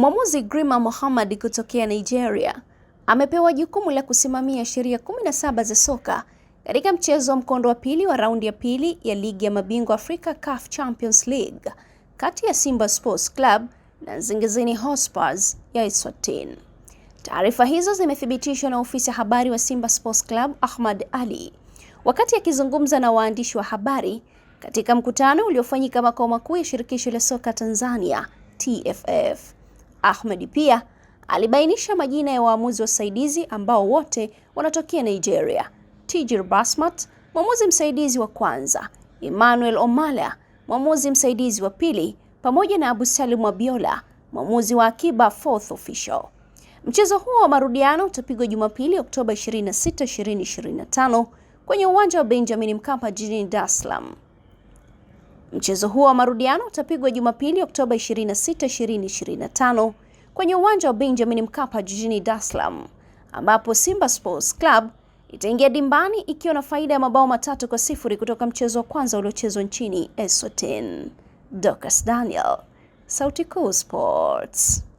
Mwamuzi Grima Mohammad kutokea Nigeria amepewa jukumu la kusimamia sheria 17 za soka katika mchezo wa mkondo wa pili wa raundi ya pili ya Ligi ya Mabingwa Afrika CAF Champions League kati ya Simba Sports Club na Nsingizini Hotspur ya Eswatini. Taarifa hizo zimethibitishwa na ya habari wa Simba Sports Club, Ahmad Ali, wakati akizungumza na waandishi wa habari katika mkutano uliofanyika makao makuu ya Shirikisho la Soka Tanzania TFF. Ahmed pia alibainisha majina ya waamuzi wasaidizi ambao wote wanatokea Nigeria: Tijir Basmat, mwamuzi msaidizi wa kwanza, Emmanuel Omala, mwamuzi msaidizi wa pili, pamoja na Abu Salim Abiola, mwamuzi wa akiba fourth official. Mchezo huo wa marudiano utapigwa Jumapili Oktoba 26, 2025 kwenye uwanja wa Benjamin Mkapa jijini Dar es Salaam. Mchezo huo wa marudiano utapigwa Jumapili Oktoba 26, 2025 kwenye uwanja wa Benjamin Mkapa jijini Dar es Salaam ambapo Simba Sports Club itaingia dimbani ikiwa na faida ya mabao matatu kwa sifuri kutoka mchezo wa kwanza uliochezwa nchini Eswatini. Dorcas Daniel, Sauti Kuu Sports.